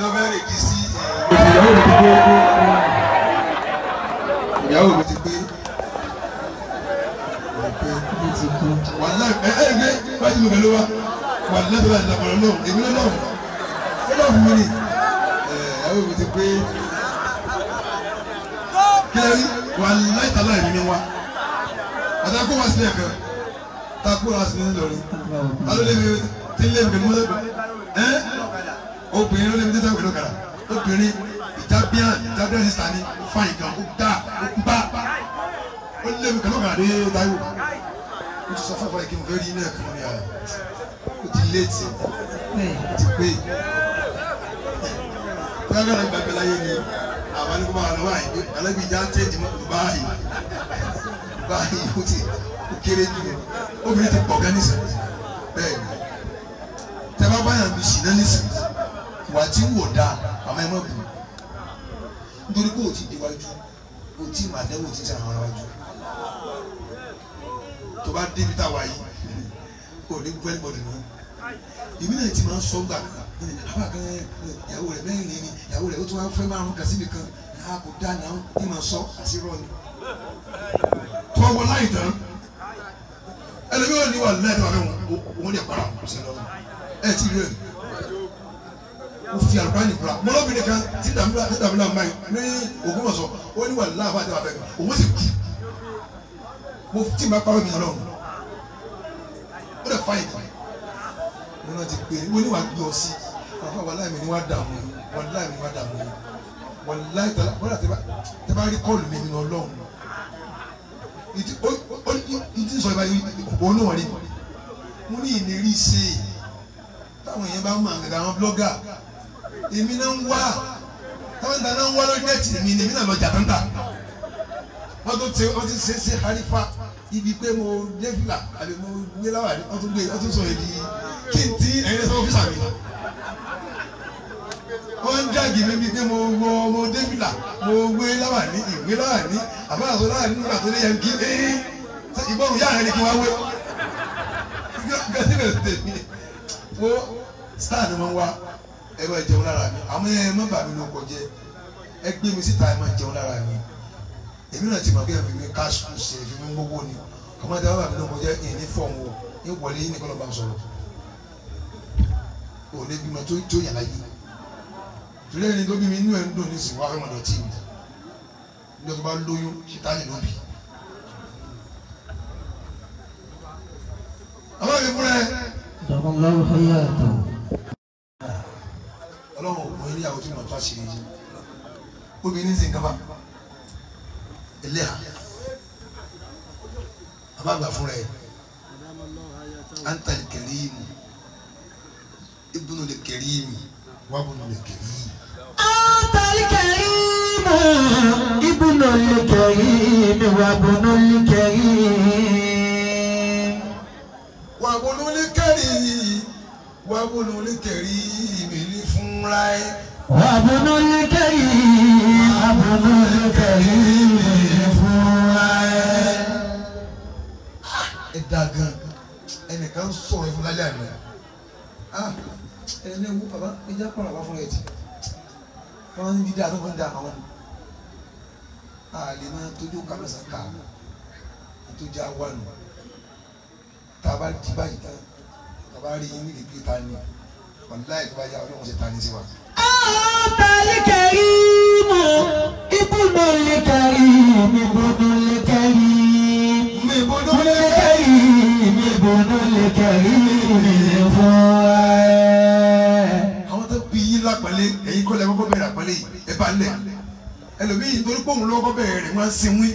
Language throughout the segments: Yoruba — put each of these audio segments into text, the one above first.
mi lọ bẹ́ẹ̀ rèjì sí eh, ìyàwó mi ti gbé wàlá ẹ ẹ gbé bájú mi pẹ̀lú wa wàlá bẹ́ẹ̀ bá ìlànà lọ́wọ́ èmi lọ́wọ́ ó lọ́wọ́ fún mi ni ìyàwó mi ti gbé kílẹ̀rí wàlá ìtàlá ẹ̀mí ni wa àtàkùn wa sílẹ̀ kan takùn wa sílẹ̀ lọ́rí alólè mi ti lé mi pẹ̀lú mọ́tò ẹ́ obìnrin ló lé mi tó tẹ̀wé lókàrà obìnrin ìjábíàn ìjábíàn sísá ni fáyìn kan o dá ó ń bá ó lé o kàlókàrà dé Táíwò ó ti sọ fún ọkọ ìkíni fẹ́ẹ́ rí iná ẹ̀kọ́ ní ara ó ti léètì ó ti pé kọ́ńtàrà gbàgbé láyé ni àwọn ẹni kó máa lọ wáyé pé alágbèjà ń tẹ̀jú mọ́ báyìí báyìí o ti ó kéré jù obìnrin ti pọ̀ gan nísìnyí bẹ́ẹ̀ ni tẹ́ bá báyà mi sì náà nísìnyí ìwà tí ń wò dáa àmọ́ ẹ má bù nítorí pé òtí déwájú òtí màdẹ́wò ti ti àwọn aráwájú tó bá débi tá a wáyé kò ní gbẹ́lì bọ̀dì nù ìmí náà ti máa ń sọ gbà hmm, àbá kan ìyàwó rẹ̀ mẹ́rin ni ìyàwó rẹ̀ ó tún wá fẹ́ márùn kà síbi kan náà kò dá náà ní màá sọ àṣírọ́ ni tó wọ láì tán ẹlẹ́mìíràn ni wà lẹ́ẹ̀dọ́ àbẹ̀wò òun ní ẹ̀pàrà kò sí lọ́wọ́ ẹ̀ tí ì rẹ̀ o fi àgbá nìkura mọlọ́bìnrin kan tí dàmúlà tí dàmúlà máa ní Ògbómọ̀ṣọ́ ó ní wà láàbà tí wà fẹ́ kan òun sì kú mo tí ma pa ọmọ Ọlọ́run ó lè fa ìtàn mo náà ti pè é ó ní wà gbé ọ sí àfa wà láì mi ni wà dààmú wà láì mi ni wà dààmú wà láì tẹ̀lá wọ́n àti tẹ bá rí kọ́ọ̀lù mi nínú Ọlọ́run ìdí sọ ìbáyé òpó náà rí mo ní ìlérí ṣe táwọn èèyàn bá mọ àgàgà àwọn blọ́gà èmi náà ń wá tábàtà náà ń wá lórí nẹ́ẹ̀tì mi ni èmi náà lọ jà tán wọ́n tún ṣe wọ́n tún ṣe ṣe harifa ibi pé mo dé fìlà àbí mo gbé láwà ní wọ́n tún gbé wọ́n tún sọ èdè kí n tí ẹ̀yin lẹ́sọ̀ ọ́fíìsà mi wọ́n ń jáde mi bíi pé mo wọ mo dé fìlà mo gbé láwà ní ìwé láwà ní àbá àtọ́ láwà ní nígbà tó lé yẹn kí ẹ́ ìgbọ́rùn yára ni kí wọ́n wé gẹ́gẹ́ bẹ̀rẹ̀ tèmi wo star ni wọ́n wá ẹ bá jẹun lára mi àmọ́ ẹ má bà mí ló kọjẹ ẹ gbé mi síta ẹ má jẹun lára mi èmi náà ti mọ̀ pé ẹ̀fí mi káṣù ṣe ẹ̀fí mi gbogbo ni àmọ́ ẹ bá mi ló kọjẹ ẹ̀ ní fọ́ọ̀mù o ní wọlé ní kọ́lọ́ bá ń sọ̀rọ̀ o lè bímọ tó tó yàrá yìí torí ẹni tó bí mi inú ẹ̀ ń dùn ní sìn wá fẹ́ mọ̀ dọ̀tí mi ní ọtí bá lóyún ṣìtá nínú bì àwọn ìfúnra ẹ. ìjọba ń lọ fún yàrá ìtàn ọlọ́run òkú eré àwọn tí mo tó àṣírí yìí obìnrin ní sìn kábà ẹlẹ́à abágbà fúnra ẹ̀ antali kẹrìmù ibùnú lè kẹrìmù wàbùnú lè kẹrìmù. antali kẹrìmù ibùnú lè kẹrìmù wàbùnú lè kẹrìmù. wábùnú lítẹ̀rí ìmìlí fún láyé. wábùnú lítẹ̀rí wábùnú lítẹ̀rí ìmìlí fún láyé. Ah, ẹ dà gan ẹnìkan ń sọ̀rọ̀ fún lálẹ́ àná ah, ẹni wú bàbá ẹ jẹ́ kọ́ra wá fún ẹ ti wọ́n ń dídá tó fún dá àwọn àlè máa tójú kàmẹ́sà ká wà nù tá a bá di báyìí tán bàbá rí yín nídìí pé ta ni wàláì tó bá yá ọlọ́run ṣe ta ni sí wa. àwọn tali kẹrí mu ibùdó lè kẹrí mi ibùdó lè kẹrí mi ibùdó lè kẹrí mi ibùdó lè kẹrí mi lè fún wa. àwọn tó bí yín lápẹ̀lẹ́ ẹ̀yin kọ́lẹ̀ kọ́kọ́ bẹ̀rẹ̀ àpẹ̀lẹ́ yìí bá lẹ̀ ẹlòmíì nítorí pé lọ́kọ́ bẹ̀rẹ̀ rẹ̀ wọ́n á sin wí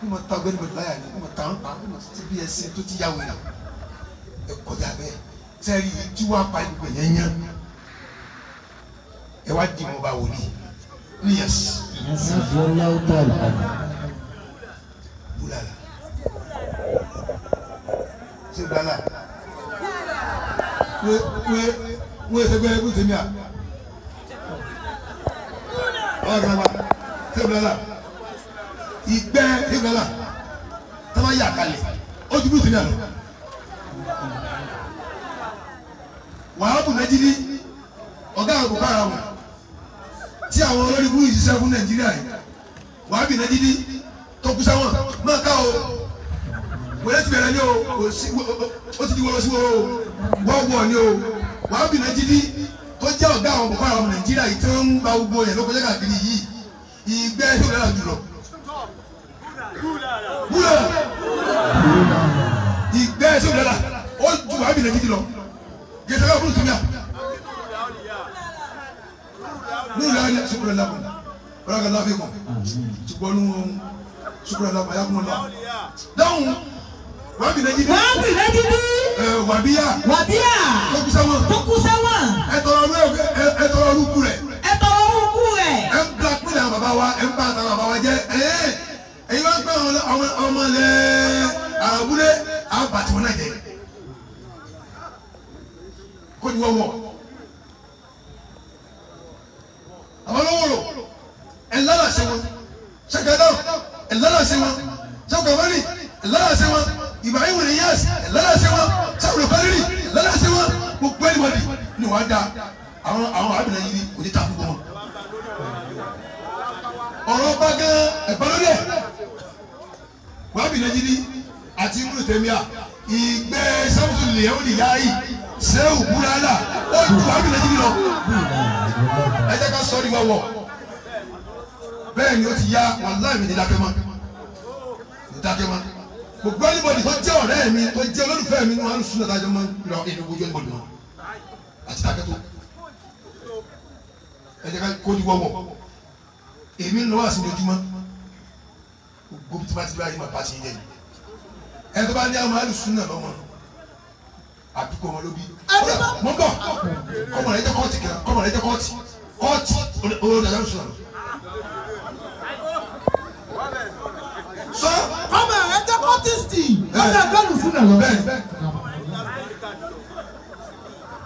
kí wọ́n ta gbẹ́dùgbẹ́dù láyà ni kí wọ́n ta ń pa kí wọ́n ti bí ẹsẹ̀ tó ti yá wẹ̀ náà ẹ kọjá bẹ́ẹ̀ sẹ́rí tí wàá pa ìgbẹ̀ yẹn yẹn ẹ wá dì mọ́ bá wò ní níyàs. bulala ṣé bulala wé wé wé sẹgbẹrẹ bú tèmi à ọ̀rọ̀ kan wa ṣé bulala ìgbẹ́ ṣé bulala tọ́ba yà kalẹ̀ ó ti bú tèmi à lọ wàhábù nàìjírí ọ̀gá àwọn boko haram tí àwọn olórí burú yìí ṣiṣẹ́ fún nàìjíríà yìí wàhábù nàìjírí tọkùsá wọn máa ká o wọlé ti bẹ̀rẹ̀ ní o ó ti di wọ́n sí o wọ́n wọ̀ ní o wàhábù nàìjírí tó jẹ́ ọ̀gá àwọn boko haram nàìjíríà yìí tí wọ́n ń ba gbogbo yẹn lóko jẹ́ káàkiri yìí ìgbẹ́ ìṣòro jùlọ. ìgbẹ́ ìṣòro wàá bìlẹ̀ gidi lọ gẹ̀ẹ́sẹ̀ lọ́wọ́ fún tùmíà nínú yàrá sukuru lamu baraka lafi kọ tukpọnu sukuru lamu a y'a kuma la donc wàá bìlẹ̀ gidi wàá bìlẹ̀ gidi wàbíyà wàbíyà tokusawa tokusawa ẹtọrọlu ẹtọrọlu ku rẹ ẹtọrọlu ku rẹ ẹnpla kpẹlẹ àwọn baba wa ẹnpa àtàwọn baba wa jẹ ẹ ẹyin wá pẹ ọmọ lẹ àbúlé àbàtìwọn náà jẹ kó ni wọ́n wọ̀ àwọn olówó ẹ̀ lára ṣe wọn ṣàgádà ẹ̀ lára ṣe wọn ṣàgbàmọ́lì ẹ̀ lára ṣe wọn Ibrahim Niyas ẹ̀ lára ṣe wọn sáwùrọ̀ kárírì ẹ̀ lára ṣe wọn gbogbo ẹ̀ mọ̀dì ni wọ́n á da àwọn àwọn arábìnrin yìí kò ní ta fún wọn ọ̀rọ̀ bá gán ẹ̀gbọ́n wàá bìnrin yìí àti múlùtẹ́míà ìgbẹ́ sábùsùn lè lè yá yìí sẹ́wù búrẹ́dà ó ju àbí lè jírí lọ. ẹ jẹ́ ká sọ ní wọ́wọ́ bẹ́ẹ̀ ni ó ti yá wàláì mi ní dákẹ́ mọ́ ní dákẹ́ mọ́ gbogbo anybody tó jẹ́ ọ̀rẹ́ mi tó jẹ́ olólùfẹ́ mi ní wọn sún ẹ̀dájọ́ mọ́ ìrọ̀ èdè gbogbo anybody mọ́ àti dákẹ́ tó ẹ jẹ́ ká kó ní wọ́wọ́ èmi ń lọ wá sí ojoojúmọ́ gbogbo tí wọ́n ti rí ayé máa bá ti ẹ tó bá ní àwọn alùsùn náà lọ́wọ́ àbíkó wọn ló bí. mo ń bọ̀ kọ́mọ rẹ̀ jẹ́ kọ́ọ̀tì kan kọ́mọ rẹ̀ jẹ́ kọ́ọ̀tì kọ́ọ̀tì olùdarí àjọ sọ̀rọ̀. sọ. kọ́mọ rẹ̀ jẹ́ kọ́ọ̀tìsì lọ́dọ̀ àgbẹ̀rù fún nàlọ́.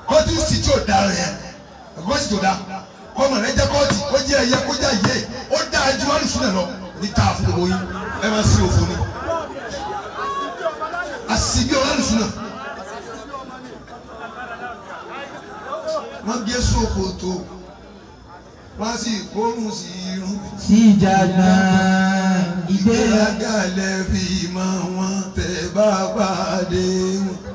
kọ́ọ̀tìsì tí ò dára yẹn kọ́ọ̀tìsì tí ò dára kọ́mọ rẹ̀ jẹ́ kọ́ọ̀tì ó jẹ́ ẹyẹ kó jẹ́ ìyé ó dáa ju àlùsùn náà lọ ní táà fún gbogbo yín ẹ máa ń sí òfò ni àsìbí ọ̀rẹ́ àlùsùn náà. wọ́n gé ṣòkòtò wọ́n sì kórùn sí irun. sí ìjàgbá ìgbéraga lẹ fi mọ wọn tẹ bá pàdé wọn.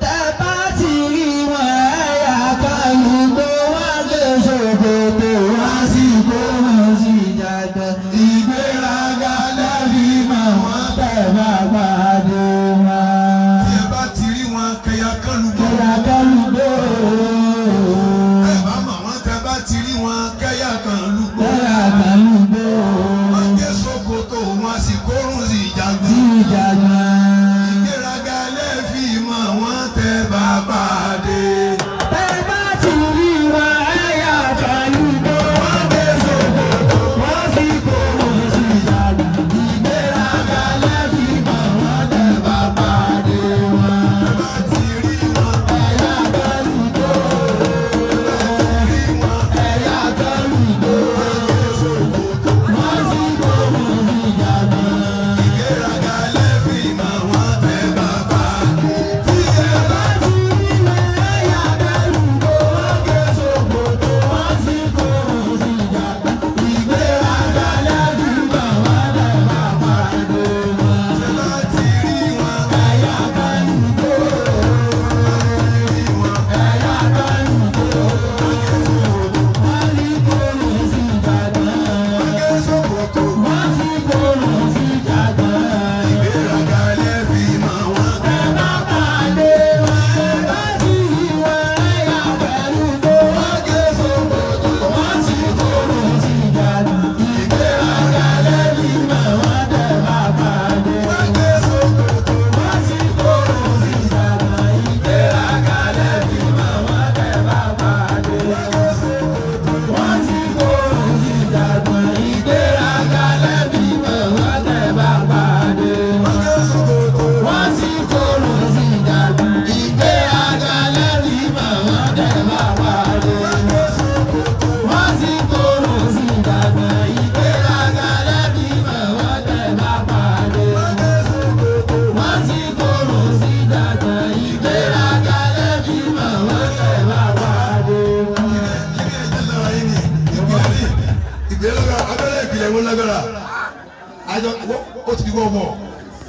ó ti di wọ́wọ́.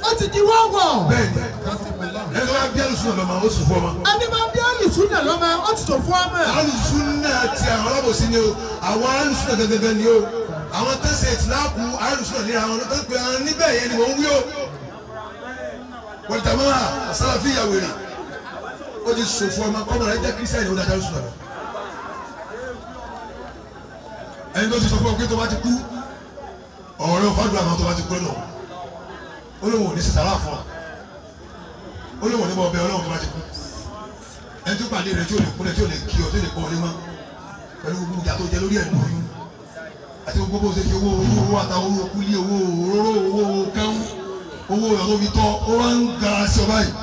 ó ti di wọ́wọ́. bẹ́ẹ̀ni ẹni máa bí alùsùn náà lọ́mọ ó sì fọ́ ọmọ. ẹni máa bí alùsùn náà lọ́mọ ó ti tó fún ọmọ. alùsùn náà ti àwọn ọlọ́bọ̀sí ni o àwọn alùsùn náà gẹ́gẹ́ ni o àwọn tẹ́sẹ̀ ìtìláàpù alùsùn náà ní àwọn tó pe àwọn níbẹ̀ yẹn ni wọ́n wí o. wọ̀lìtàmọ́ àsálàfí ìyàwó rẹ̀ ó ti sòfò ọmọ ọmọ rẹ̀ jẹ́ kírísítẹ́nì ó dájọ́ alùsùn náà ẹni tó ti sọ fún ọ pé tó bá ti kú ọ̀rẹ́ ò àwọn tó bá ti kú lọ́nà olóhùn òní sàrà fún wa olóhùn òní bọ ọbẹ olóhùn tó bá ti kú ẹni tó pàdé rẹ tí ò lè kúnlẹ̀ tí ò lè kí ọ tí ò lè kọ ọ lé mọ pẹ̀lú gbogbo ìjà tó jẹ lórí ẹnu oyún àti gbogbo bó ṣe fi owó owó owó ata owó kúlí owó òróró owó kẹwù owó ọ̀rọ̀ tó fi tọ́ ó wá ń gara sí ọba yìí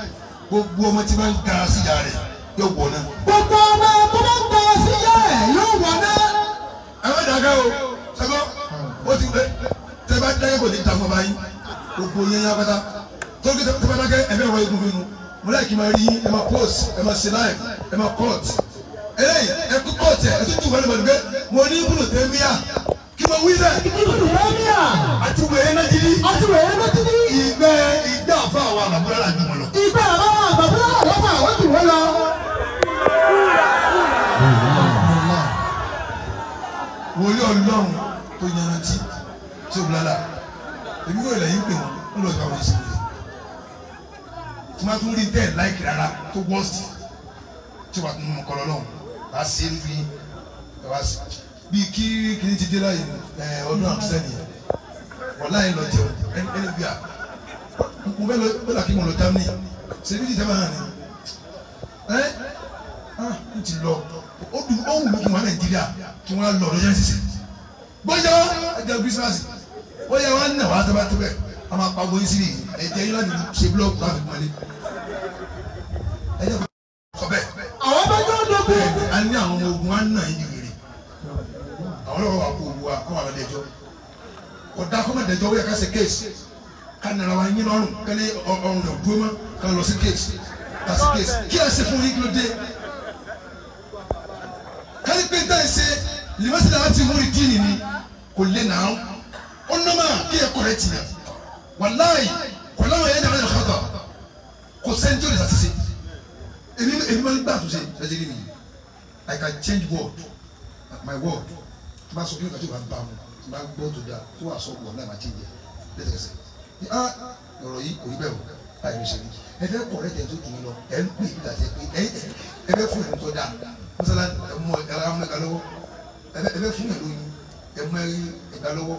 gbogbo ọmọ tí bá ń gara sí ìyá rẹ̀ yóò wọ̀ náà. gbogbo ọmọ tó bá ń gara sí ìyá rẹ̀ yóò wọ̀ náà. ẹ má dàgẹ́ o ṣẹ́gbọ́n hmm. ó ti pẹ́ tẹ́ bá dáyé kò ní ta fún ọba yín gbogbo yẹn yá pátá tóbi tó bá dákẹ́ ẹ̀fẹ́ ìwọ egungun inú mo láì kí n máa rí ẹ post ẹ máa sinai ẹ máa court eléyìí ẹ kú court ẹ ẹ tún tún wọlé mọ̀lẹ́gbẹ́ mo ní ibùdó tẹ́ mí à kí mo wí bẹ́ẹ̀. ibùdó tẹ́ mí à. àti wẹ̀rẹ́ náà jírí. àti wẹ̀rẹ́ náà jírí. ìgbẹ́ ìgbẹ́ àfa àwọn àbàbúrà là jù wọn lọ. ìgbẹ́ àfa àwọn àbàbúrà lọ́fà jù wọn lọ. wòlíọ̀ lọ́run tó yanrantí tó bilala èmi wò lẹ́yìn pè wọ́n ń lọ sí àwọn ìṣòro yìí tí wọ́n tún rí tẹ̀ láìkì rárá tó wọ́ọ̀sì tí wọ́n tún mú kọlọ́ lọ́wọ́ bá ṣe ń bí wá sí bíi kí kìíní ti dé láyé ọdún àkùsẹ́ni wọ́n láyé lọ jẹun ẹni bíi à mo bẹ́ẹ̀ lọ bẹ́ẹ̀ lọ mo lọ Germany ṣe bí ti bá hàn ní ẹ́ ah n ti lọ ó dùn ó wù mí kí wọ́n Nàìjíríà kí wọ́n lọ lọ́jọ́ sísè gbọ́dọ̀ ẹ̀jẹ̀ Christmas ó yẹ wọn nà wọn tẹ́bà tẹ́bẹ̀ wọn máa pa wọ́n sílẹ̀ ẹ̀jẹ̀ yín lọ́dún ṣe búlọ́ọ̀kù láti mọ́lé ẹ̀jẹ̀ kọ́ àwọn bá jọ lọ bẹ́ẹ̀. a ní àwọn ọmọ ogun wa ń nà àwọn ọlọ́wọ́ wa kò wù wa kọ́ wa lọ́dẹ̀jọ́ ọ̀dà kọ́mọ̀dẹ̀jọ́ wọ́n yẹ ká ṣe kéèsì ká nara wa yín lọ́rùn kẹ́lẹ́ ọ̀rùn rẹ̀ dúró mọ́ ká lọ sí kéèsì ká sí kéèsì kí ẹ ṣe fún yín kí ló dé kálí pé ń tẹ́ ṣe lè má ṣe dáhà ti díìnì ni kò lè nà ɔnɔma yɛ yɛ kɔrɛ tina walayi kɔlɔn yɛ dama yɛ kɔtɔ ko sɛnti o de ta sise ebi ebi mali gba tuse ɛdi ni I can change word my word n b'a sɔ kí ni ka to ka ba mu n b'a gbɔ to da to wa sɔ wɔ n'a ma change ne tɛ sɛ ni a yɔrɔ yi o yi bɛ o a yɛrɛ sɛ ni ɛ bɛ kɔrɛ tɛ to tun lɔ ɛ n pè ta tɛ pè ɛ ɛ bɛ fún ɛmutɔ da masala mɔ ɛlɛ amuna ka lɔwɔ bɛ fún ɛlɛ oyin ɛmɛ ɛgba lɔwɔ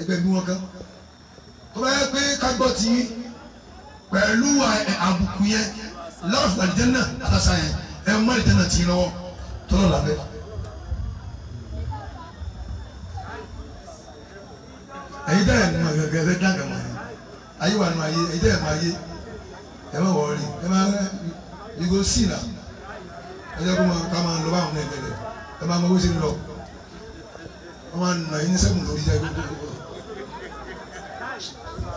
ẹgbẹ́ bí wọ́n kàn tó bá yẹ pé kágbọ́ ti yín pẹ̀lú àbùkù yẹn lọ́ọ̀fù àdìjẹ́nà àtàṣà yẹn ẹ mọ àdìjẹ́nà tì í lọ́wọ́ tó lọ́ọ̀ lábẹ́. ẹ̀yin tẹ́ ẹ̀ mọ gẹ́gẹ́ ẹ̀ dàgbẹ́ mọ́ ayé wà nù ayé ẹ̀yin tẹ́ ẹ̀ mọ ayé ẹ̀ mọ̀ wọ́ọ̀rì ẹ̀ máa you go see na ẹ̀ jẹ́ kó máa ká máa lọ báwọn ẹ̀gbẹ́ rẹ̀ ẹ̀ máa mọ bó ṣe ń lọ wọ́n máa nà yín sẹ́kùn lórí jẹ́ gbogbo.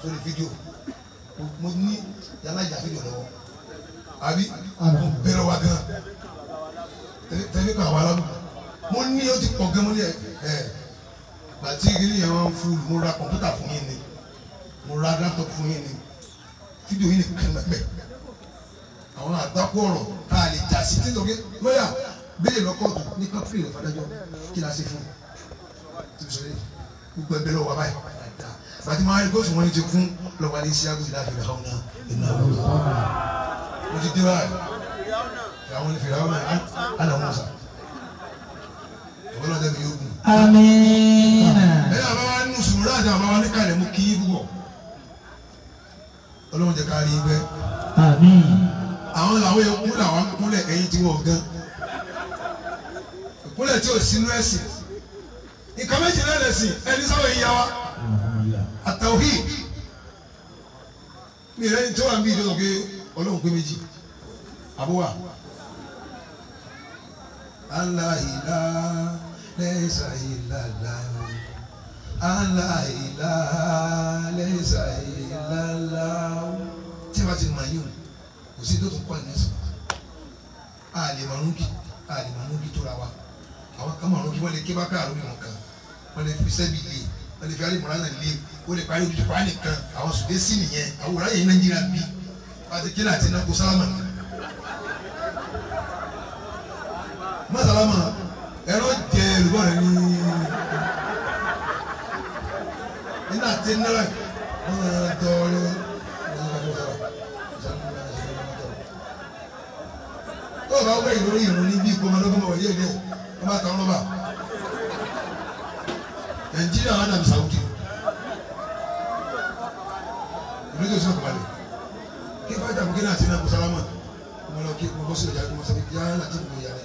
sórí fídíò mo ní yàrá ìjà fídíò lọ́wọ́ àbí mo bẹ̀rẹ̀ wa gan tẹ̀lé pa àwa lọ́dún mo ní o ti pọ̀ gan mo ní ẹ̀ gbàtí ìgbìlì yẹn wọn fún mo ra kọ̀mpútà fún yín ni mo ra laptop fún yín ni fídíò yín nìkan pẹ̀ àwọn àgbákò ọ̀rọ̀ tá a lè jà sí tí lóge lọ́yà bẹ́ẹ̀ lọ́kọ̀ọ̀tù ní káfíìn ìfàdájọ́ kí la ṣe fún un gbogbo ẹgbẹ́ lọ́wọ́ báyìí fatima ayé góòsù wọn ti kún lọ́wọ́ alẹ́ iṣẹ́ àgùsì láti rẹ̀ hàn náà ìnà àgùsì mo ti dé báyìí àwọn ìfìlà wọn àná wọn sà ọlọ́dẹ mi yóò gùn. amiina. bẹ́ẹ̀ àbá wa nù sùúrù àti àbá ní kalẹ̀ mú kí púpọ̀ ọlọ́run jẹ́ ká rí i àwọn làwọn yẹn kún làwọn kúnlẹ̀ ẹ̀yìn tí wọ́n gan. ìkúnlẹ̀ tí ò sínú ẹ̀sìn. nǹkan méjì náà lẹ̀sìn ẹni sáwọn èyí yá wa àtàwíì mi rẹ ní tí wàá ń bí ìjọsọ pé ọlọ́run pé méjì àbúwà aláìlá lẹ́sà ìlàlá aláìlá lẹ́sà ìlàlá tí wàá ti mọ ayé o kò sí dókun kọ́ ẹ̀mí sùn a lè mọ ọdún a lè mọ ọdún tó ra wa àwọn kan mọ ọdún kí wọ́n lè ké bá káàró ìwọ̀n kan wọ́n lè fi sẹ́bi lè wọ́n lè fi alẹ́ mọ̀ránà lè o lè parí ojútùú kwan nìkan àwọn sùdé sí nìyẹn àwòrán yẹn nàìjíríà bí pàtẹ́kínà àti nàkó sálámà. má sálámà ẹ̀rọ jẹ olùkọ́ rẹ ní nínú àti náírà wọn dọ̀ọ́rọ̀ tó o bá wọ ìròyìn ìròyìn ní bí gbọmọdọ́gbọmọ wọ̀nyí ẹ̀dẹ́ ọba tàwọn ọba nàìjíríà wà nàbí sàwùjì. olóyè sọ̀rọ̀ kò balẹ̀ kí fún àjàmù kí náà sí náà musalama mo lọ kí mo bọ́ sí ọjà mo sẹ́ni yára láti mú ìyá rẹ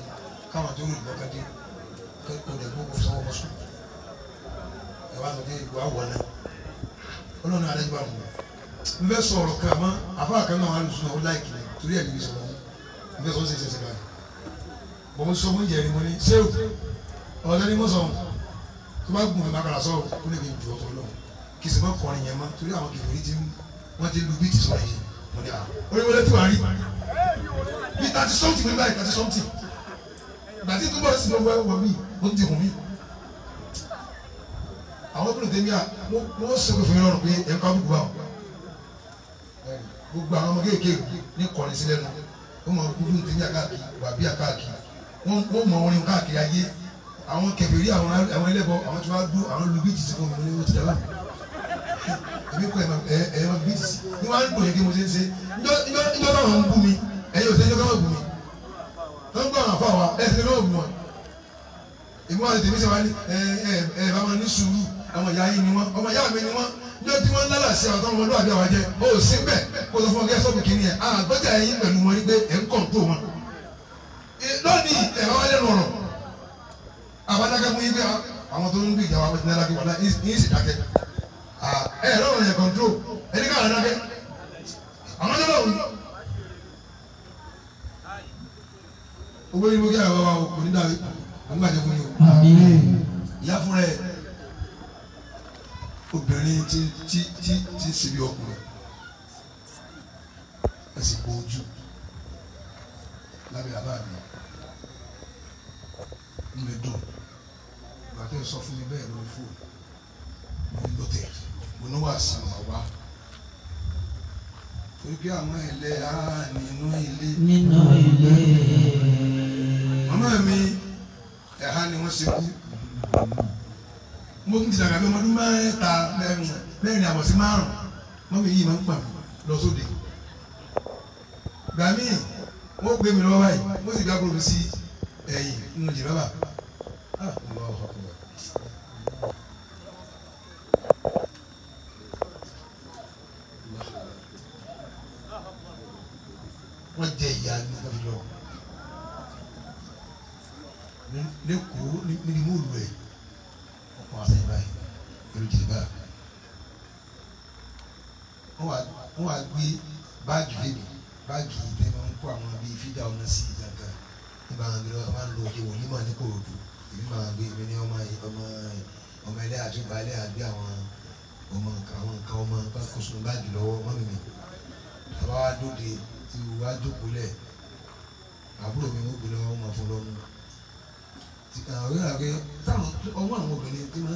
káwọn àti olùdó ká dé kó dẹ̀ gbogbo sọ́wọ́ bọ́ sùn ẹ̀ wá sọ pé ìgbà wọ̀ náà ọlọ́run alẹ́ gbà mọ́ n bẹ sọ̀rọ̀ kan àmọ́ àfa kan náà wà lùsùn náà ó láìkì rẹ̀ torí ẹ̀ níbi sọ̀rọ̀ n bẹ sọ̀rọ̀ sẹ̀sẹ̀ báyìí bọ̀ mo tu fún ìjẹ́rìí mo ní sẹ́wù ọ̀sẹ̀ ni mo sọ̀rọ̀ tó bá gùn ẹ̀ má wọ́n ti lu bíìtì sọ̀rọ̀ yìí mo ní à ah, oríwọlé tí wàá rí bí thirty something nígbà yìí thirty something gbàtí tó bọ̀ sí lọ́wọ́ ẹ̀wọ̀ mi ó ti hùn mí àwọn ọmọdé tèmi à wọ́n sọ pé fún mi lọ́rùn pé ẹ̀ ń kọ́ àbúkù bá wọn gbogbo àwọn ọmọ kéékèèké ní kọrin sílẹ̀ nù ó mọ kúndùn tèmi àkáàkì wàbí àkáàkì wọ́n mọ orin káàkiri ayé àwọn kẹfìrí àwọn ẹlẹ́bọ àwọn tí wọ́n á dún àwọn lu bíìtì sí fún mi ní ó ti dá láàmú àbí kọ ẹ ẹ ẹ bí ti ní wọn á dùn yẹn kí mo ṣe ń ṣe njọ bá wọn bú mi ẹyin ò sẹ njọ bá wọn bú mi tó ń gbọ́ àwọn afọ wa ẹ ṣe ló bú wọn èmi wọn tèmi sọ wá ní ẹ ẹ ẹ bá wọn ní sùúrù àwọn ìyá yìí ni wọn ọmọ ìyá mi ni wọn njọ tí wọn lálà sí àwọn tọmọ àbí àwọn jẹ o sí bẹ́ẹ̀ kó sọ fún ọ gẹ́sọ́ kìkì nìyẹn àgbọ́jà ẹyin pẹ̀lú wọn wípé ẹ̀ ń kọ̀ǹtò wọn lónìí ẹ̀ bá wà lẹ́nu ọ̀rọ̀ àbádákẹ́ fún yín pé àwọn tó ń gbé ìjà wa ní alágbèwọ̀n náà yín sì Ah, eh, eh, eh, ẹ ẹ lọ́wọ́ yẹn kọ̀ǹtró ẹni ká àdáké àwọn ọjọ́ lọ́wọ́ owó yìí mo kí àwọn àwọn òní dàbí àwọn gbàjẹ́ fún yìí ìyá fúnra ẹ obìnrin ti ti ti ti síbi ọkùnrin ẹ sì bọ ojú lábẹ́ àbá ń lè dùn ìgbà tó ń sọ fún mi bẹ́ẹ̀ lórí fóònù mo ń lọ tẹ̀ oníwàásù mà wá ojú àwọn ilé á nínú ilé. nínú ilé. màmá mi ẹ̀há ni wọ́n ṣe kú mo ti dàgbà bí ọmọdún mẹ́ta mẹ́rin àbọ̀ sí márùn-ún mọ́mí yìí máa ń pà lọ sóde gbà míì wọ́n gbé mi lọ́wọ́ báyìí wọ́n sì gbàgbọ́ mi sí ẹ̀yìn nínú jìbá bá. Ah,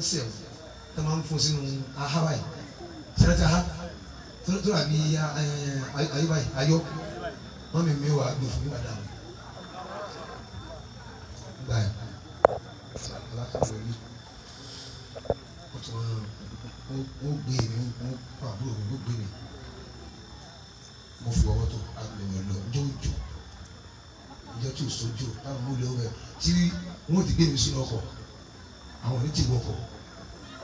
sẹ̀ o ẹ máa ń fún sínú ahaba yìí sẹ́rẹ́tà ha tó àbí ayọ́ba yìí ayọ́ wọ́n mi mi wà á gbé fún mi padà gbà yìí alákàtà orí wọ́n tún wọ́n gbé mi wọ́n pa àbúrò mi wọ́n mi mo fi ọwọ́ tó agbègbè lọ jọjọ ìjọ tí ò sójú táwọn olè ọbẹ tí wọ́n ti gbé mi sínú ọkọ̀ àwọn oníjìbọn ọkọ̀.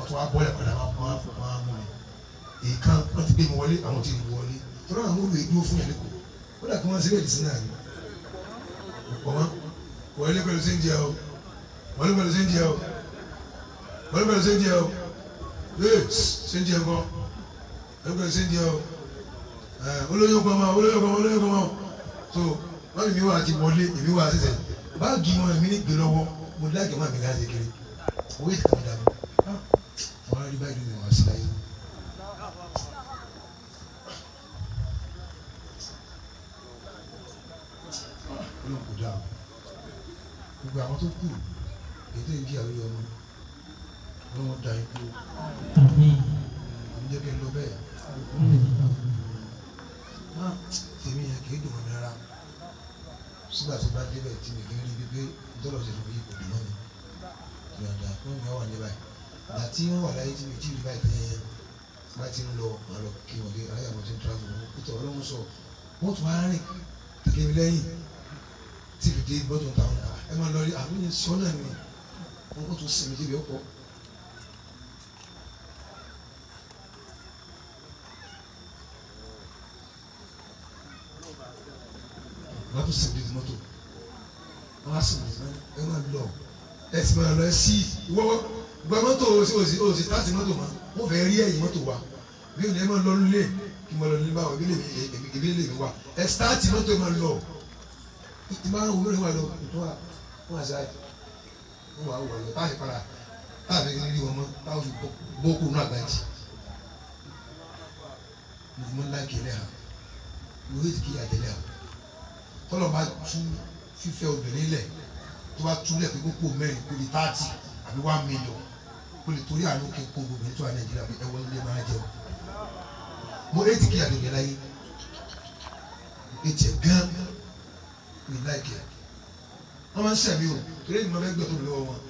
wọ́n tún wá bọ́ ẹ̀ padà wọ́n á mú mi ìkan wọ́n ti gbé mi wọlé àwọn ti wọlé tọ́lá àwọn olùwé dúró fún ẹ̀lẹ́kọ̀ ó dà kí wọ́n ṣe bẹ́ẹ̀ sí náà ni ọ̀pọ̀mọ́ wọlé pẹ̀lú sí ń jẹ o wọlé pẹ̀lú sí ń jẹ o wọlé pẹ̀lú sí ń jẹ o ee sí ń jẹ kọ́ wọlé pẹ̀lú sí ń jẹ o olóyè ọ̀pọ̀mọ́ olóyè ọ̀pọ̀mọ́ olóyè ọ̀pọ̀mọ́ so wọ́n ní mi wà á ti wọlé èmi wà á ṣẹ̀ṣẹ̀ báàgì wọn èmi ní gbé lọ́wọ́ mo dáàgì wọn àmì láti kiri owó ìtàn dàbí ibadi wa asalain Ọlọ́run kò dáa gbogbo àwọn tó kù ètò ìdí àwọn ọmọ Ọlọ́run da ikú ọmọdé kẹ lọ bẹ́ẹ̀ má tèmi yẹn kì í dùn mí rárá sígbà tó bá débẹ̀ tí mi kì í rí bíbé dọlọ ṣe fún yìí kò dùn ìyàdà fún mi wà ní ìgbà tí wọ́n wà láyé tí mi ò tí ì bá ìpè yẹn bá ti ń lọ màá lọ kí wọn dé aláya mo ti ń travel wọn pété ọlọ́run sọ wọ́n tún wá rìn tàkì mi lẹ́yìn tí fi dé gbọ́dọ̀ táwọn kà ẹ máa lọ rí àbúrò sọ náà mi wọn kò tún sinmi débi ọ̀pọ̀. wọ́n tún sinmi débi mọ́tò wọ́n á sinmi débi mọ́tò ẹ máa lọ ẹ sì máa lọ ẹ sí wọ́wọ́ gba mọ́tò òsì òsì òsì táàsì mọ́tò mọ́ wọ́n fẹ́ rí ẹ̀yìn mọ́tò wa bí o lè mọ́ lọ lé kí mo lọ lé báwọn ìbílẹ̀ mi ìbílẹ̀ mi wà ẹ̀ stáàtì mọ́tò máa lọ ìbára wo lórí wa lọ ìtọ́ wọn àṣà wọn wà wọ̀ lọ táàsì para táàbí rí wọn mọ́ táwọn fi bọ́kù náà gbàjì mo ńlá kẹlẹ́ hàn mo yóò ti kí àtẹlẹ́ hàn tọ́lọ̀ bá tú fífẹ́ obìnrin lẹ̀ tó bá túlẹ̀ pé kókó mẹ́rin kó di táàtì àbí wá mílíọ̀nù o lè torí àánú kí n kó gbogbo ètò à nàìjíríà pé ẹwọ ilé máa jẹ o mo ètì kí àdìgbẹ láyé ètì ẹ gán mi láìkẹ wọn máa ń sẹmí o torí èmi máa bẹ gbẹ tó mi wọn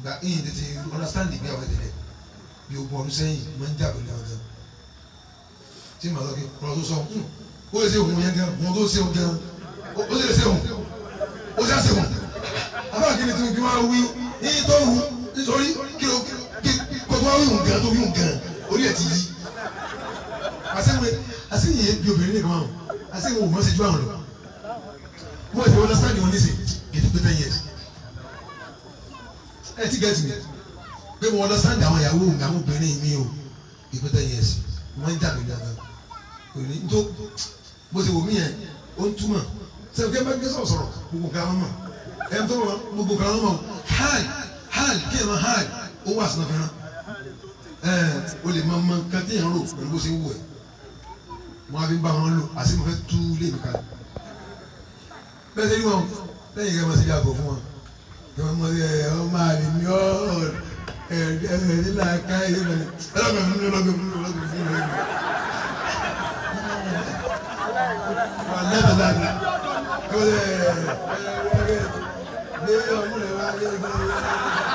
gba ìyìn tètè understand ìgbé àwọn ẹtẹlẹ bí o bọ ọdún sẹ́yìn máa ń jà pẹ̀lú àwọn gan tí màá lọ kí tó sọ hmm, ó lè ṣe òun yẹn gan òun tó ṣe òun gan ó lè ṣe òun ó ṣe àṣẹ òun àbá kí ni tí mo fi máa wí ní tó wù sórí kí o kí kókó ọ̀hún gan tó yún gan orí ẹ̀ ti yí. àṣewé àṣeyìn yẹn bí obìnrin nìkan àwọn àṣeyìn wò wọ́n ṣe ju àwọn lọ. wọ́n ti wọ́n lásán ìwọ̀n níṣe ètò pé ten years. ẹ ti gẹ́tì mi pé mo understand àwọn ìyàwó mi àwọn obìnrin mi o ètò ten years wọ́n ń dàbí dàgbà òní tó bó ti wò mí yẹn ó ń túmọ̀ sẹ́wọ́n kí ẹ bá gbé sọ̀rọ̀ sọ̀rọ̀ gbogbo kan mọ̀ ẹ̀ ń tó wọn gbogbo kan mọ̀ háì hàn kí ẹ máa hàn ó wà sínú fẹ́ràn ẹ o lè máa mọ nǹkan tí èèyàn rò pẹ̀lú bó ṣe wù ẹ̀ mo àfi ń bá wọn lò àti mo fẹ́ tú lé mi kalẹ̀ bẹ́ẹ̀ sẹ́yìn wọn lẹ́yìn kẹ́ ẹ máa ṣe bí àgọ̀ fún wọn kí wọ́n mọ ẹ ọ máa rìn ní ọ ẹ ẹ nílà ká ẹ lọ́gbẹ̀ fún mi lọ́gbẹ̀ fún mi lọ́gbẹ̀ fún mi lọ́gbẹ̀ fún mi.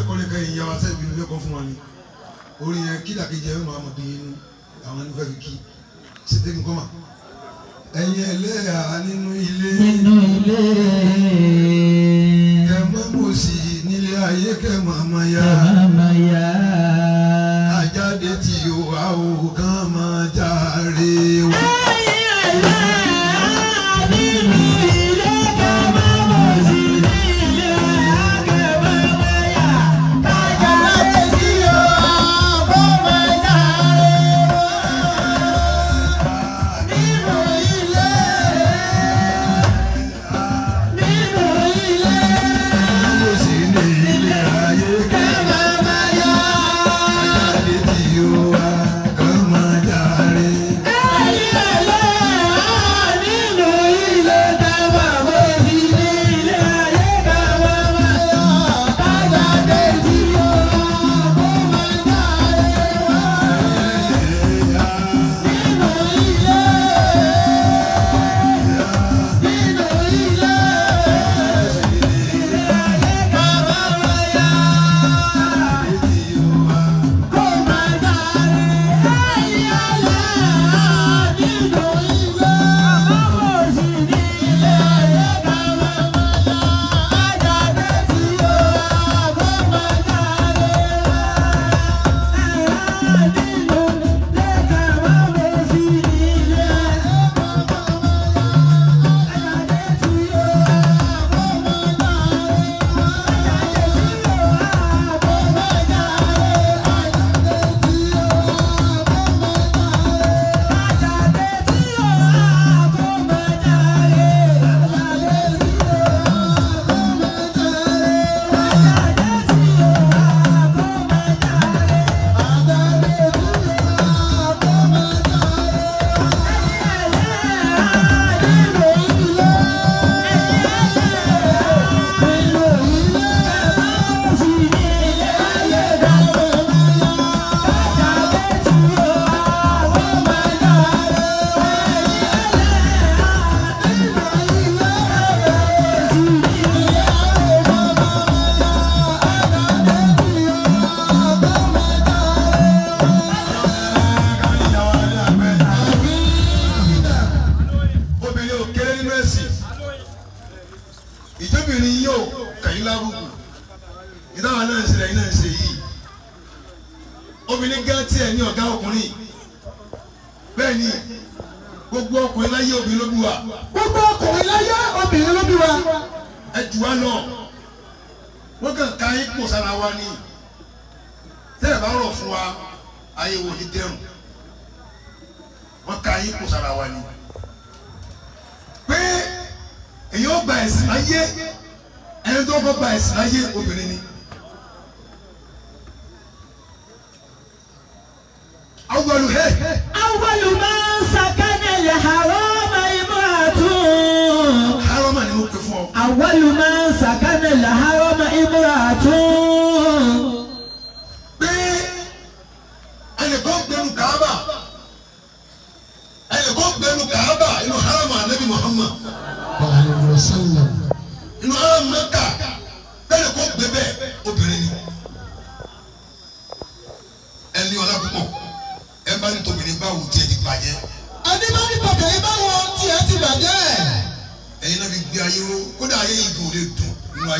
fẹ́ kọ́lé kan yìí yàrá sẹ́yìn ìlú lẹ́kọ̀ọ́ fún wa ni orin yẹn kí làkejì ẹ̀ máa mọ̀ bí inú àwọn ẹni fẹ́ fi kí ṣètè nǹkan mà. ẹ̀yin ẹlẹ́yà nínú ilé. nínú ilé. kẹ́ mọ́ sí nílé ayé kẹ́ mọ́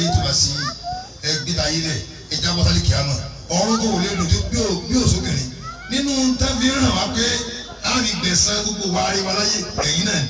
ayé tó bá sí ẹgbẹ́ ayé rẹ̀ ẹja bọ́sálì kìámà ọ̀run kò wọlé lòdì bí òsókèrè nínú tábìlì ràn wá pé àrígbẹ̀sán gbogbo wa aríwá láyé ẹ̀yìn náà ni.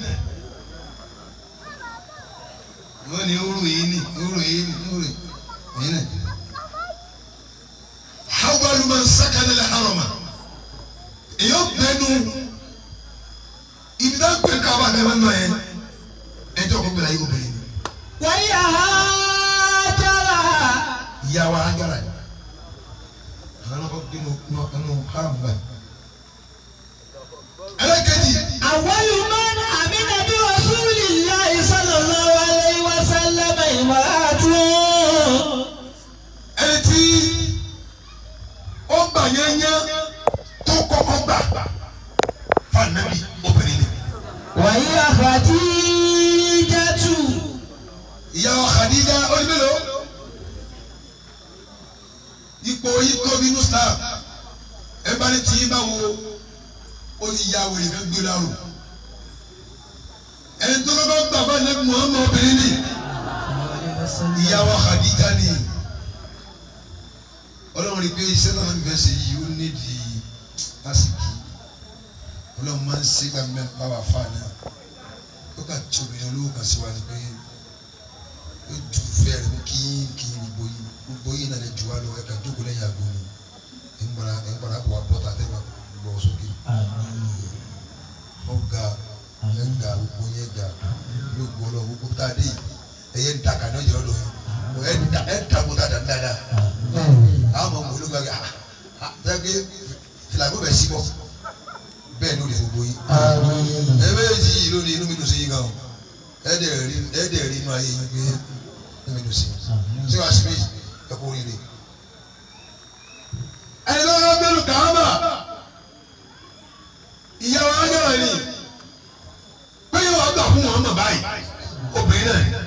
táwa fà náà ó kà tó mi olówó kan sí wa ni o ó ju fẹ́ rẹ̀ kí kí gbogbo yìí gbogbo yìí náà lè jù wá lọ ẹ̀ka jókòó lẹ́yìn àgbo mi ìmọ̀ràn ìmọ̀ràn kò wá bọ́ta tẹ́ wá lọ sókè ọ̀gá ẹ̀gà gbogbo yẹn gà gbogbo ọlọ́ gbogbo tá a dé yìí ẹ̀yẹ ń ta kàná yọ̀ ọ́ lọ ẹ̀ ń ta ta kó tá a dà ń dáadáa àwọn ọmọ olóògbé àgbà ah, ah, tẹ́gbẹ́ fìlà gbọ́ bẹ̀ bẹ́ẹ̀ ló lè gbogbo yín. ẹ méjì yìí ló ní inú mi dùn sí yín gan o ẹ dẹ̀ rí ẹ dẹ̀ rí inú ayé yín gbé inú mi dùn sí yín ṣé wàá sí méjì ẹ kú oríire. ẹni tó yọ gbẹlú kàámà ìyá wa yọrọ ni pé yóò wá gbà fún wọn mọ báyìí obìnrin náà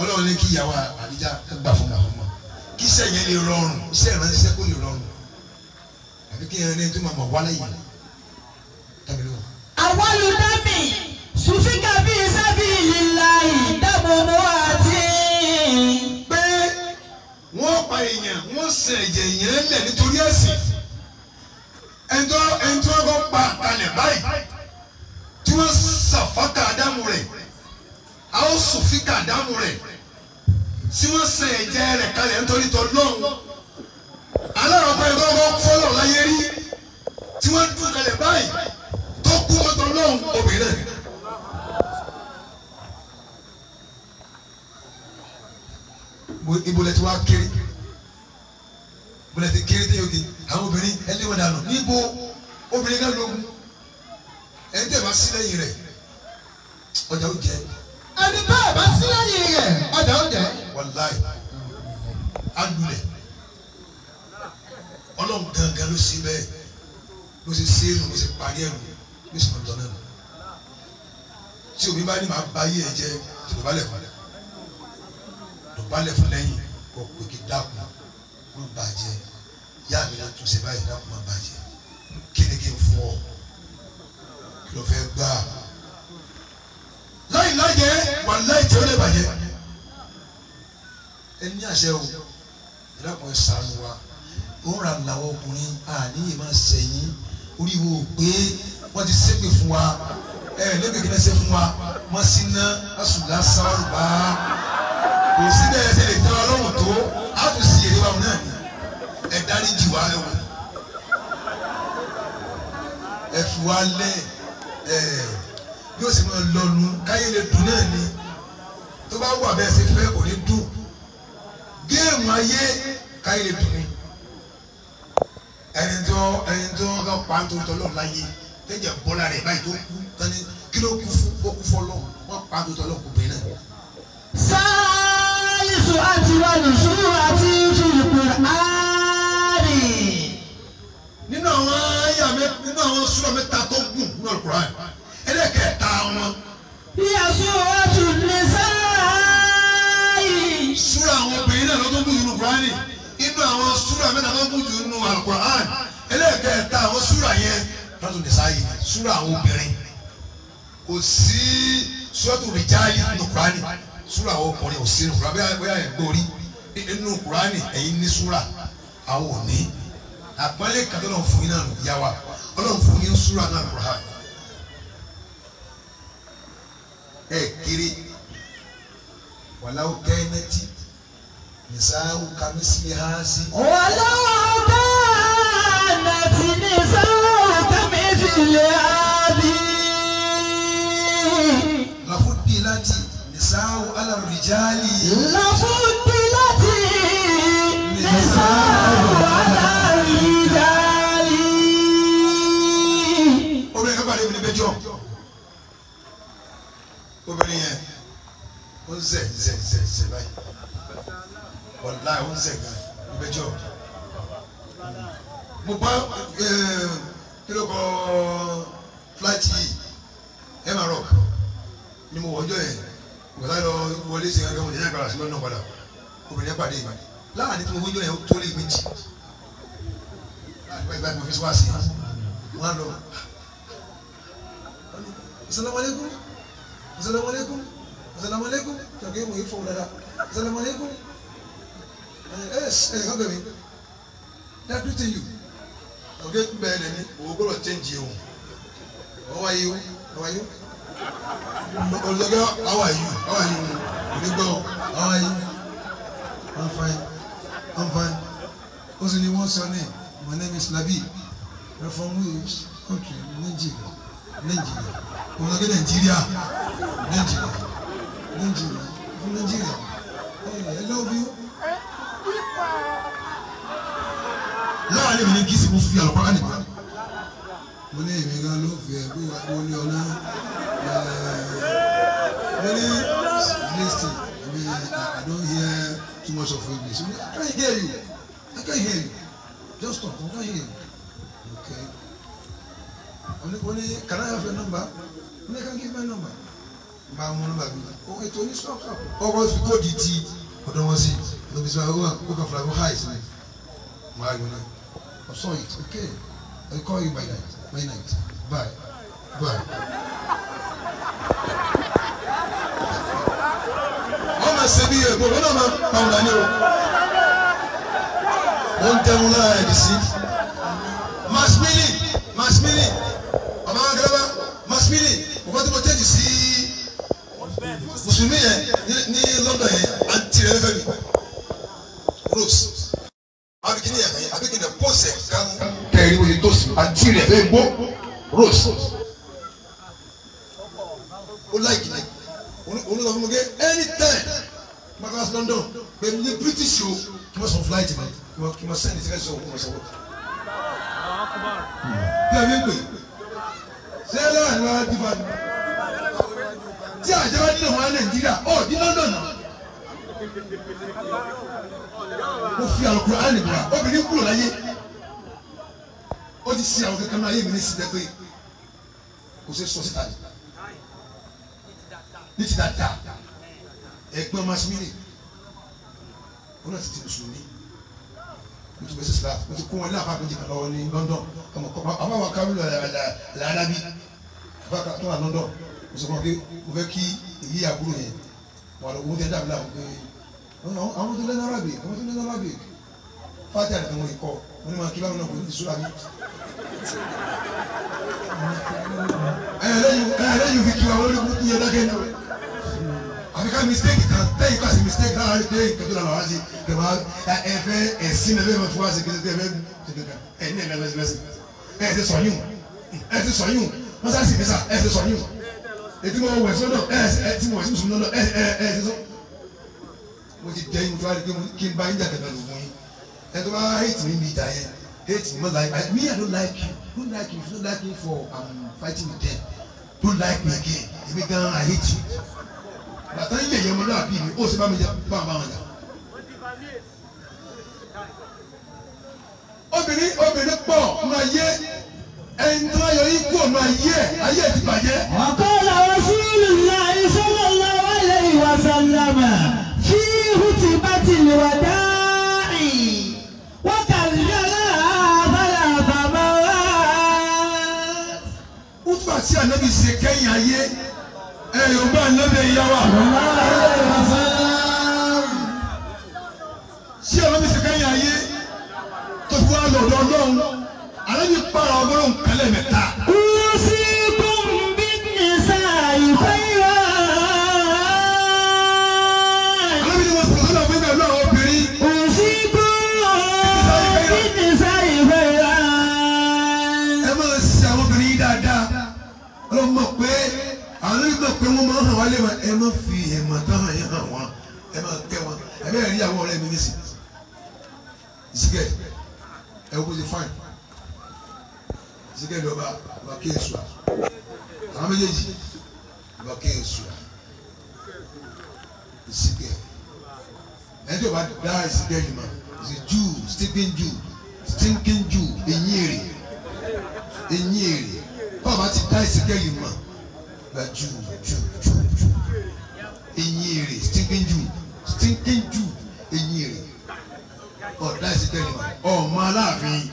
ọlọ́run ní kí ìyàwó àdíjà gbà fún wọn kí iṣẹ́ yẹn lè rọrùn iṣẹ́ ìránṣẹ́ kó lè rọrùn àbí kí ẹni tó máa mọ̀ wálé yìí tàbí lọ. àwọn olùdámì sùfíkà bí sábì lílàyé dábòbò àti. pé wọ́n pa èèyàn wọ́n ṣe ẹ̀jẹ̀ èèyàn lẹ̀ nítorí ẹ̀sìn ẹ̀ńtọ́ ẹ̀ńtọ́ ọkọ̀ pa àtàlẹ̀ báyìí tí wọ́n ṣàfọ́tà àdámù rẹ̀ àwọn sùfíkà àdámù rẹ̀ tí wọ́n ṣe ẹ̀jẹ̀ rẹ̀ kalẹ̀ nítorí tọ́ lọ́hùn alára ọ̀pẹ gbọ́ngàn fọlọ́ láyé rí tí wọ́n dún kalẹ̀ báyìí tó kú mọ́tò lọ́hùn obìnrin náà. ibùlẹ̀ tí wàá kéré ibùlẹ̀ tí kéré tẹ́ yọ̀gẹ̀ àwọn obìnrin ẹlẹ́wọ̀n dànù níbo obìnrin náà lógun ẹni tẹ́ bá sí lẹ́yìn rẹ̀ ọjà ó jẹ́. ẹni tẹ́ bá sí lẹ́yìn rẹ̀ ọjà ó jẹ́. wàláì alulẹ̀ ọlọ́run gangan ló ṣe bẹ́ẹ̀ ló ṣe ṣe é nù ló ṣe parí ẹ̀rù ló ṣe lọ́dọ̀ náà tí òbí bá ní màá bá yé ẹ jẹ tòbálẹ̀ fún tòbálẹ̀ fún lẹ́yìn kò pèkì dákun ló bàjẹ́ yá mi ló tún ṣe báyìí dákun má bàjẹ́ kí ni kí n fún ọ kí ló fẹ́ gbà láì lájẹ wà láì tí ó lè bàjẹ́ ẹni àṣẹ o ìdákun ẹ sànù wa òun ra làwọn ọkùnrin àníyè máa sẹ̀yìn orí wo pé wọ́n ti ṣépè fún wa ẹ lébè kí n ṣe fún wa wọ́n sì ná asùnlá sáwọ́rù bá kò sí bẹ́ẹ̀ ṣe lè tẹ́ wa lọ́rùn tó a tún sì èrè wa náà ni ẹ dáríjì wá ẹ wò ẹ fi wá lẹ ẹ yóò sì máa lọnu káyé lè dùn náà ni tó bá wà bẹ́ẹ̀ ṣe fẹ́ kò ní dùn géèmù ayé káyé lè dùn ni ẹni tó ẹni tó lọ pa nítorí tọ́lọ́ láyé tẹ́jẹ̀ bọ́lá rẹ̀ báyìí tó kú tani kí ló kú fún ó kú fọlọ́ wọ́n pa nítorí tọ́lọ́ kò bẹ́ẹ̀ náà. sáyẹ́sù àti wàlùsù àti fìlìpù áàrì. nínú àwọn ayà nínú àwọn sùúrà mẹ́ta tó gùn nínú Al-Qur'an ẹlẹ́kẹ̀ẹ́ta wọn. súrà mẹ́ta máa ń gùn jù nínú alukur'an ẹlẹ́ẹ̀kẹta àwọn súrà yẹn látò ní sáyé súrà àwọn obìnrin kò sí súrọ̀tù rìjáàlì nínú kurani súrà àwọn ọkùnrin ò sí nínú kurani bóyá ẹ̀ gbórí nínú kurani ẹ̀yin ní súrà àwọn ò ní àpọ́nlé kàtó náà fún yín náà yá wa ọlọ́run fún yín súrà náà kurani ẹ̀ kiri wàláwó kẹ́hìnẹ́tì nìsáwù kàmísì ha sí. ọlọ́wọ́ bá nàti nìsáwù kàmísì lè ha bí. lọ́fùdí láti nìsáwù alárìjálì. lọ́fùdí láti nìsáwù alárìjálì. obìnrin kan bá rẹ̀ mi ní bẹ́jọ́ obìnrin yẹn ó ń zẹ̀ zẹ̀ zẹ̀ báyìí wàláì ó ń sẹ̀gà ìgbẹ́jọ́ mo bá kílò kọ fúláìtì yìí ẹ máa rọ ni mo wọ ọjọ́ yẹn wàláì lọ wọlé sí kankan mo jẹ́ àgbàrá sí lọ́nà padà obìnrin ẹ̀ pàdé ìbàdí láàrin tí mo wọ́jọ́ yẹn ó tó lé méjì láàrin báyìí mo fi wá sí wọn lọ asalaamualeykum asalaamualeykum asalaamualeykum tàbí mo yí fọwọ́ dáadáa asalaamualeykum. Yes, ẹsẹ ẹsẹ bẹ̀rẹ̀ that do thing you ọ̀gẹ́ bẹ̀rẹ̀ dẹ̀ ni òwò gbọ́dọ̀ change yẹ̀ o you? How are you? olùdókè how are you how are you òní gbọ́ how are you I'm fine I'm fine ó sì ní wọ́n sọ ní my name is Labi I'm from which country Nigeria Nigeria olùdókè Nigeria Nigeria Nigeria Nigeria hey I love you láàrin mi ní kí sì fi àlùkò ránì mo ní èmi ló fi ẹbí wa ọlá mo ní listen mi I don't hear too much of English I can hear you I can hear you just talk I can hear you okay mo ní can I have your number mo ní can give my number bá mo number mi ó ètò oníṣòwò ọ̀rọ̀ fi kóòdì ti ọ̀dọ̀ wọn sí i. Nobiswa huwa huka flago high sana. Mahali wana. I saw it. Okay. I'll call you by night. By night. Bye. Bye. Wọ́n máa ṣe bí ẹ̀gbọ́n wọn náà máa pa ní o. Wọ́n ń tẹ́wọ́n lára ẹ̀dì sí. Masmini Masmini ọmọ agadaba Masmini ọkọ tí mo tẹ́jú sí Mùsùlùmí yẹn ní London yẹn àti tìrẹ́lẹ́fẹ́ mi groups abikini ẹ̀mí abikini pọ́sẹ̀ kan kẹrin oye tó sì àti rẹ̀ bẹ́ẹ̀ gbó rose Like, láìkì ní olùlọ fún mi gé anytime magas London pẹ̀lú ní British o kí wọ́n sọ flight mi kí wọ́n send ìṣẹ́kẹ́ sọ fún wọn sọ wọ́n. bí a bí ń pè ṣé ẹ lọ́wọ́ àná wá dìbò àná tí àjẹwájú lòun á Nàìjíríà ọ̀ oh, ní London náà mo fi Al-Qur'ani búra obìnrin kúrò láyé ó ti ṣe àwọn kankan náà ayé mi ní sílẹ̀ pé kò ṣe sọ síta yìí ní ti dáadáa ẹ̀gbọ́n masimini wọn náà ti di mùsùlùmí wọ́n ti bẹ̀ sísè láàfin wọ́n ti kún wọn ní àfáà méjì lọ́wọ́ ní London ọmọ kọ́ àwọn àwọn akáwé làádábí àfáà tó wà London mo sọ fún wọn pé mo fẹ́ kí èyí àbúrò yẹn wọn àwọn ohun tẹ́ dàbí làwọn pé àwọn tó lẹ́nu arábì àwọn tó lẹ́nu arábì fati àtàwọn ìkọ wọn ni máa kí láwọn náà kò ní sùúrà mi. ẹlẹ́yìn fi kí wa wọ́n ló kú yẹ dákẹ́ ní o àfi ká mistake kan tẹ́yìn ká sí mistake lára dé kẹtọ́ la wá sí kẹwà ẹ fẹ́ ẹ̀sìn ẹ̀fẹ́ máa fi wá sí kẹtọ́ ẹ̀fẹ́ ẹ̀ ní ẹ̀mẹ́ lẹ́sìn ẹ̀ ti sọ̀yún ẹ̀ ti sọ̀yún mọ́sáàsì mi sà ẹ̀ ti sọ̀yún ètí mo wẹ̀ sọ́dọ̀ ẹ̀ ti mo wẹ̀ sí mùsùlùmí lọ́dọ̀ ẹ̀ ẹ̀ ẹ̀ ti sọ́dọ̀ mo ti dẹ́yìn mo ti wá rí i pé kí n bá yín jàdàbà lò yín ẹ tó bá hate me bí ìjà yẹn hate me like me I don't like you don't like you if you don't like me for I'm um, fighting with them don't like me again èmi gan I hate you bàtà yín yẹ̀yẹ́ mo náà bí mi ó sì bá mi jà bá àwọn àwọn jà. obìnrin obìnrin pọ̀ nù ayé ẹni tó yọ ikú nù ayé ayé ti bàjẹ́. ànábì ṣe kẹ́yìn ayé ẹ̀yọ̀ bá ànábì ìyá wa. guy si di ẹyìn ma he's a Jew stinking Jew stinking Jew ẹ̀yìn èrè ẹ̀yìn èrè bàbá ti guy si di ẹyìn ma gba Jew Jew Jew Jew ẹ̀yìn stinking Jew stinking Jew ẹ̀yìn èrè ọ̀ si di ẹyìn ma ọmọ aláàfin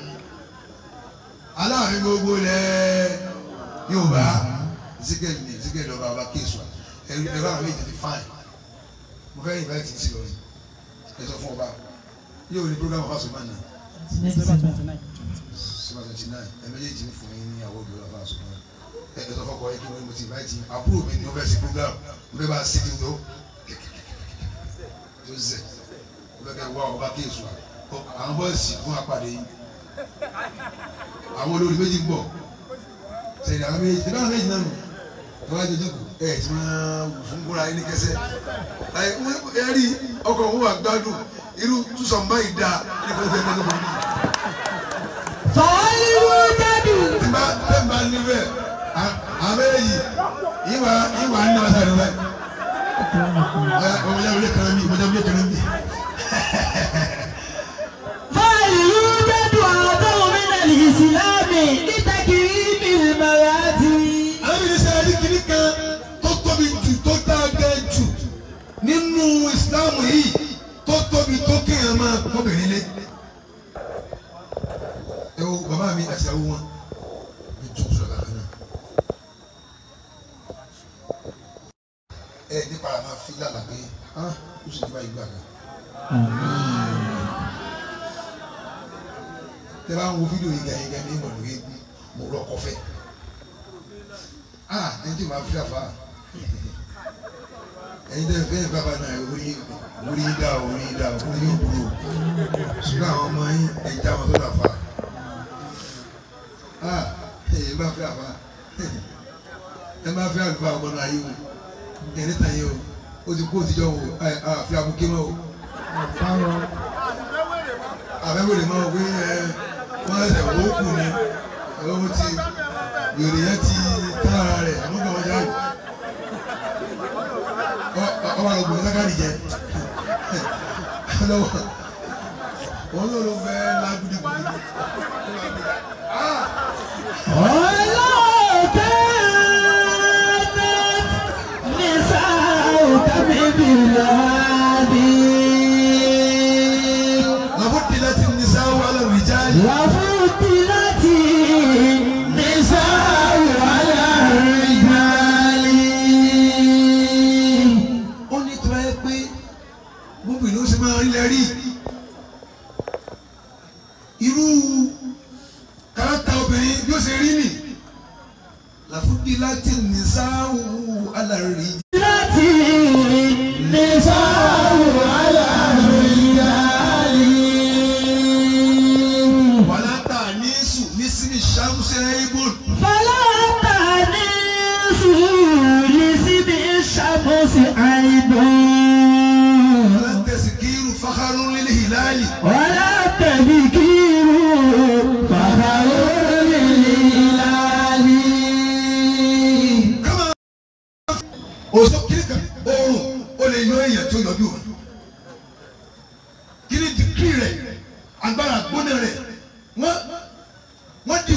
gbogbo lẹ yóò bá zikẹ́ ní zikẹ́ ní ọba ọba kéésù ẹ̀ ẹ̀ bá wà ní ìdílé fáìn mo fẹ́ yìnbọn ti ti lọ ẹ sọ fún ọba yóò rí program ọba sọgbọn náà sọba twenty nine ẹ méjèèjì ń fún yín ní àwọn obìnrin ọba sọgbọn ẹ ẹ sọ fọkọ ẹ kí wọn mo ti invite yín àbúrò mi ni wọn fẹẹ ṣe program mo fẹẹ bá a ṣe ti tó tó zẹ mo fẹẹ kẹ wá ọba kéésù àwọn bọ́ọ̀sì fún apàdé yín àwọn olórí méjì ń sẹ̀dá méjì náà méjì náà nù ọba jẹjẹrẹ ẹ ti máa fún kúra yín ní kẹsẹ ẹ rí ọkọ òun wà gbádùn irú túsàn báyìí dáa ní kọ́ńtà ẹ̀ lọ́dún mi. sọ́ọ́lì wú dẹ́bì. tẹ́ ń bá níbẹ̀ àbẹ́rẹ́ yìí ìwà ìwà ń náà sáré wáyé ọmọ yàrá kan mi ọmọ yàrá kan mi. báyìí wú dẹ́bì ọ̀dọ́ òmìnira ìsìlámì nínú islam yìí tó tóbi tó kéèyàn máa kóbìnrin lé ẹ wo bàbá mi àti àwọn wọn ẹ jọ sọlá kan náà ẹ nípa àmà fílà làgbé ó sì ti bá ìgbà kan tẹ bá ń wo fídíò yìí gàyẹ́gà ní ìmọ̀ lóye mo rọ ọkọ ah ẹni tí màá fi àfa ẹ̀yin tẹ́ fẹ́ bàbá náà orí orí dá orí dá orí yóò burú ṣùgbọ́n àwọn ọmọ yín ẹ̀já wọn tó dàfa a ah, ẹ bá fẹ́ àfa ẹ bá fẹ́ àlùfáà ọmọ náà yìí o ẹ̀ níta yìí o ó ti kú òtijọ́ o àfi àbúké mọ́ o àbẹ̀wòlè mọ́ o pé ẹ wọ́n ẹsẹ̀ wọ́ọ́kù ni ọlọ́wọ́ ti yòrè yẹn ti tán ara rẹ̀ àmúgbọ̀n ọjà yìí ọba lọ gbé sákàdì jẹ òun ló ló fẹ́ lágídí kùn mí. ọlọ́ọ̀kẹ́ ní sáà ọ̀tá bíbí lọ́wọ́ bí.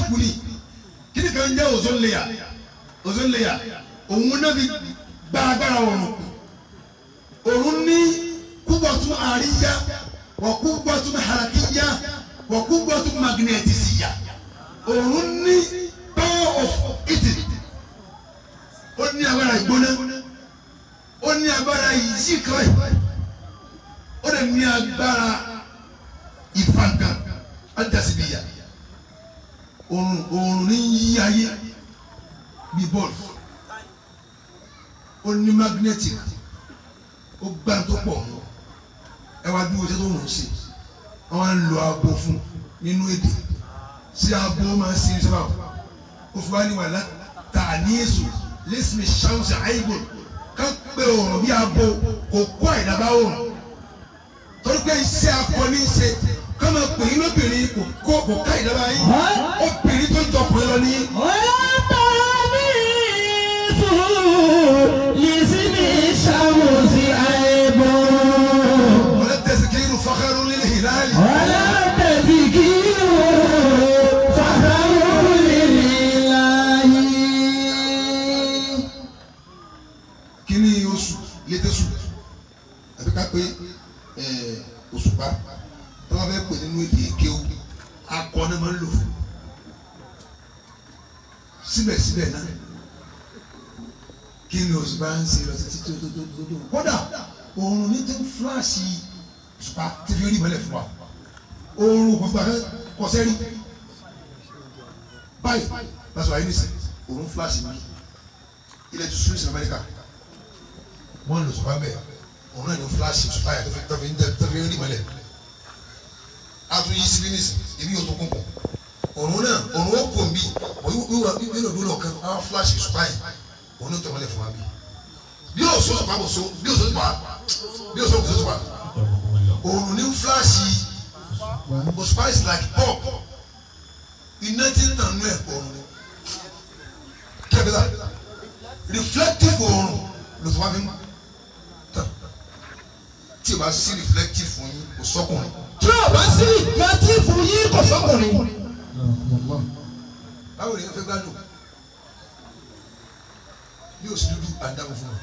kú ni kí ni kan jẹ́ ozone layer ozone layer òun náà fi gba agbára ọ̀run òun ní kúbọ̀tún àríyá wọ̀ kúbọ̀tún harakíyá wọ̀ kúbọ̀tún magnetisíyá òun ní power of eating ó ní agbára ìgbóná ó ní agbára ìyíkọ́ ó lè ní agbára ìfàǹkà ájásíbíyà òrùn òrùn ní yí ayé bí bọ́ọ̀lù ó ní magnetic ó gbá tó pọ̀ mọ́ ẹ wá bí wọ́n ṣe tó rùn sí wọ́n á lo abo fún nínú èdè sí abo máa ń sin sábà ó fi wá ní wàhálà tà ní èso lẹ́sìn ṣáwùsì àìbò ká pé òrùn bí abo kò kó àìdábá òrùn torí pé iṣẹ́ akọni ṣe kọ́mọ pè é lóbìnrin kò kó kò ká ìjọba yín obìnrin tó jọ pé lọ ní. ọ̀tọ̀ mi tún lè sí ní ṣàwòsí. síbẹ̀síbẹ̀ náà kí ni oṣù bá ń ṣe lọ títí tó tó tó tó tó kódà oòrùn ní ti ń fúláṣì ṣùpá tí fi rí ìmọ̀lẹ̀ fún wa oòrùn kò gbà kọsẹ́ rí báyìí lásìkò ayé nìsín oòrùn fúláṣì mi ilẹ̀ tó sùn sí Amẹ́ríkà wọ́n lò ṣùpá bẹ́ẹ̀ oòrùn náà ní fúláṣì ṣùpá yà tó fi ń rí ìmọ̀lẹ̀ a tún yí síbí nìsín èmi yóò tó kún kún òrùn náà òrùn ó kò mí wíwà nínú ìdúró kan àwọn fúláṣì sùpá yìí òun ló tẹ̀wọ́lẹ̀ fún wa bí. bí o sọ sùpá kò so bí o sọ sùpá bí o sọ kò so sùpá òrùn ní fúláṣì òsùpá is like pop iná tí ń tàn nú ẹ̀ òrùn ni kẹ́bílà reflective òrùn lòsùpá fi ń tàn tí o bá sí reflective fún yín kò sọ́kùnrin. tí o bá sí reflective fún yín kò sọ́kùnrin báwo lèyàn fẹ́ gbádùn bí o sì dúdú àdáwò fún wa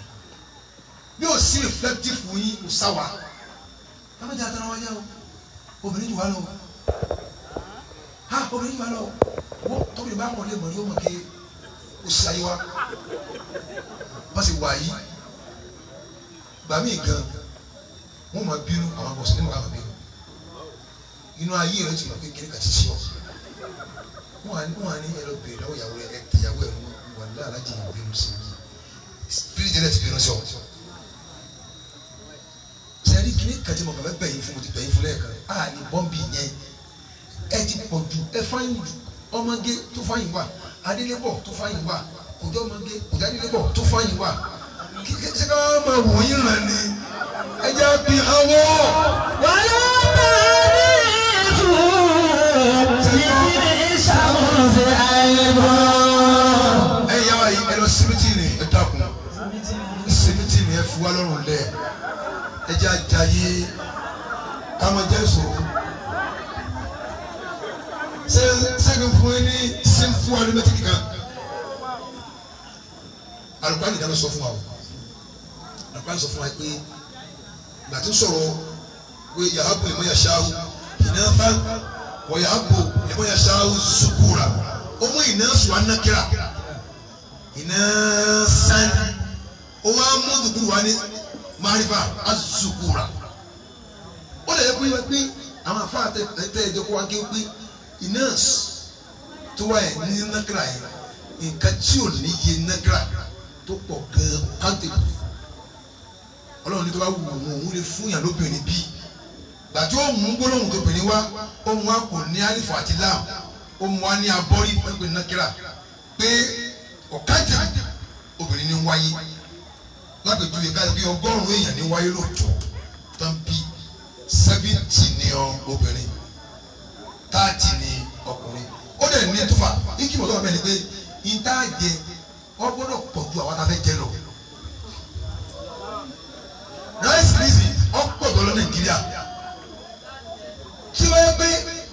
bí o sì reflective fún yín o sá wa lọ́mọdé àtàrà wáyà o obìnrin jù wá lọ ha obìnrin jù wá lọ wọ́n tóbi bá wọlé mọ̀ ní o ké o sì ayé wa bá sì wà gan wọ́n máa bínú àwọn àbọ̀sẹ̀ ní wàhálà bínú inú ayé rẹ ti lọ kékeré kàti sí ọ wọn wọn ní ẹlọ bèrè lọ́wọ́ ìyàwó ẹ ìyàwó ẹ wọn lé alájì ìbínú sí i spirit ẹlẹ ti bínú sí ọ. sẹ́ni kìíní kàtí mọ̀ bàbá bẹ̀yìn fún mo ti bẹ̀yìn fún lẹ́ẹ̀kan a ní bọ́m̀bì yẹn ẹ ti pọ̀ ju ẹ fáyín ju ọmọge tó fáyín wà adélébọ̀ tó fáyín wà kòjọ́ ọmọge kòjọ́ adélébọ̀ tó fáyín wà kíkẹ́ ṣé ká máa wòye ràn ní ẹ jẹ́ bí awọ́ wàhálà lọ́rùn lẹ̀ ẹjẹ́ àjàyè kámọ́jẹ́sọ. ṣé sẹ́gun fún yín ní simple arithmetic kan alùpàá nìkan sọ fún wa o alùpàá sọ fún wa pé gbàtí sọ̀rọ̀ pé yàhábù ìmọ̀ yà ṣááwù ìnáfà wọ̀ yàhábù ìmọ̀ yà ṣááwù sukura ó mú ìnáṣù anákìrà ìnáṣán ó wá mú dùdú wa ní marifa azukura ó lè yẹ kó yẹ pé àwọn afáà tẹ ẹ jẹ kó wá ké pé inas tó wáyé ní nàkàrà yẹn nǹkan tí ò ní yé nàkàrà tó pọ̀ gan kánté ọlọ́run ní tó bá wù wọ́n òun lè fún yàn lóbìnrin bí gbàtí ó mú gbólóhùn tóbìnrin wá ó mú wa ní alifu àti lam ó mú wa ní abọ́rí pẹ́pẹ́ nàkàrà pé ọ̀kájà obìnrin ní wáyé lápèjúwe káyọ̀ bí ọgọ́rùn-ún èèyàn ní wáyé lóòótọ́ tán bí sẹ́fíntì ní obìnrin táàtì ní ọkùnrin ó dẹ̀ ní ẹ̀túfà ikí mọ̀tọ́ bẹ́ẹ̀ ni pé ìtaàjẹ ọgbọ́dọ̀ pọ̀ ju àwọn tá a fẹ́ jẹ lọ. rice lisi ọ̀pọ̀ tó lọ Nàìjíríà tí wọ́n yẹ pé